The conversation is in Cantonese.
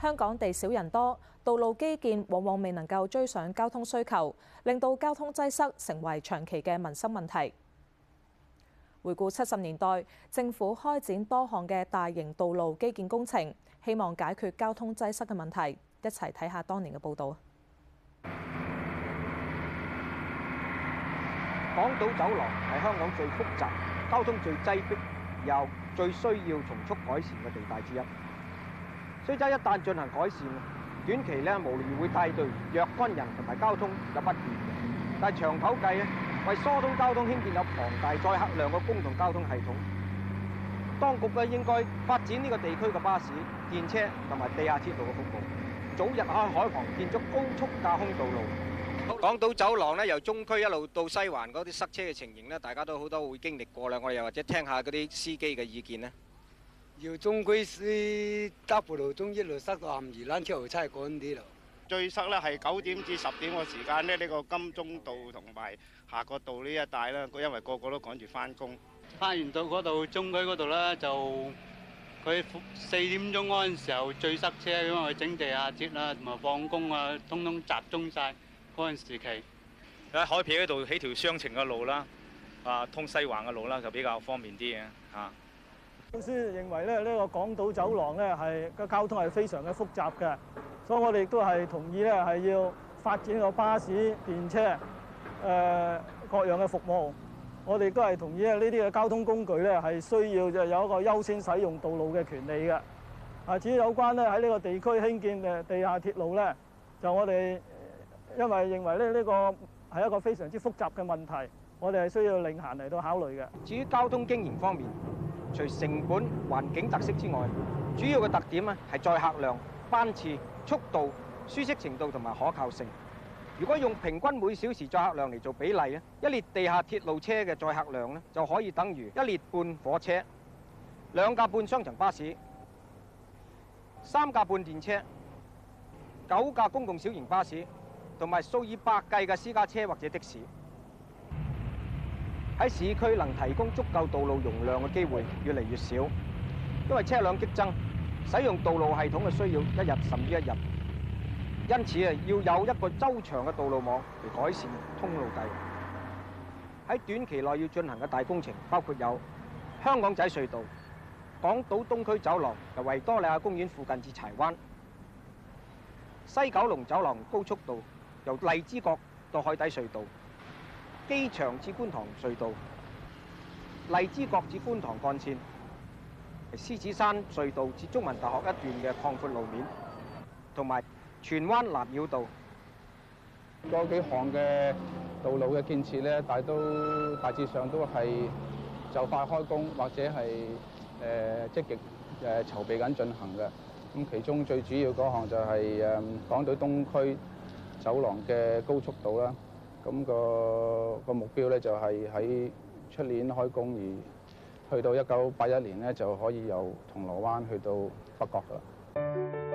香港地少人多，道路基建往往未能夠追上交通需求，令到交通擠塞成為長期嘅民生問題。回顧七十年代，政府開展多項嘅大型道路基建工程，希望解決交通擠塞嘅問題，一齊睇下當年嘅報道。港島走廊係香港最複雜、交通最擠迫又最需要從速改善嘅地帶之一。所以一旦進行改善，短期咧無疑會帶嚟若干人同埋交通就不便。但係長久計咧，為疏通交通，興建有龐大載客量嘅公共交通系統，當局咧應該發展呢個地區嘅巴士、電車同埋地下鐵路嘅服務，早日向海旁建築高速架空道路。港島走廊咧，由中區一路到西環嗰啲塞車嘅情形咧，大家都好多會經歷過啦。我哋又或者聽下嗰啲司機嘅意見咧。要中區啲德輔路中一路塞到鹹魚，纜車路差趕啲咯。最塞咧係九點至十點嘅時間咧，呢個金鐘道同埋夏慤道呢一帶啦，佢因為個個都趕住翻工。花園道嗰度、中區嗰度咧，就佢四點鐘嗰陣時候最塞車，因為佢整地下鐵啦，同埋放工啊，通通集中曬嗰陣時期。喺海皮嗰度起條雙程嘅路啦，啊通西環嘅路啦，就比較方便啲嘅嚇。公司認為咧，呢個港島走廊咧係個交通係非常嘅複雜嘅，所以我哋亦都係同意咧係要發展個巴士、電車、誒各樣嘅服務。我哋都係同意咧呢啲嘅交通工具咧係需要就有一個優先使用道路嘅權利嘅。啊，至於有關咧喺呢個地區興建嘅地下鐵路咧，就我哋因為認為咧呢個係一個非常之複雜嘅問題，我哋係需要另行嚟到考慮嘅。至於交通經營方面。除成本、環境特色之外，主要嘅特點啊，係載客量、班次、速度、舒適程度同埋可靠性。如果用平均每小時載客量嚟做比例咧，一列地下鐵路車嘅載客量咧就可以等於一列半火車、兩架半雙層巴士、三架半電車、九架公共小型巴士同埋數以百計嘅私家車或者的士。喺市區能提供足夠道路容量嘅機會越嚟越少，因為車輛激增，使用道路系統嘅需要一日甚於一日。因此啊，要有一個周長嘅道路網嚟改善通路計劃。喺短期內要進行嘅大工程包括有香港仔隧道、港島東區走廊由維多利亞公園附近至柴灣、西九龍走廊高速道由荔枝角到海底隧道。機場至觀塘隧道、荔枝角至觀塘幹線、獅子山隧道至中文大學一段嘅擴闊路面，同埋荃灣南繞道。嗰幾項嘅道路嘅建設咧，大都大致上都係就快開工或者係誒積極誒籌備緊進行嘅。咁其中最主要嗰項就係誒港島東區走廊嘅高速度啦。咁、那個、個目標咧就係喺出年開工，而去到一九八一年咧，就可以由銅鑼灣去到北角啦。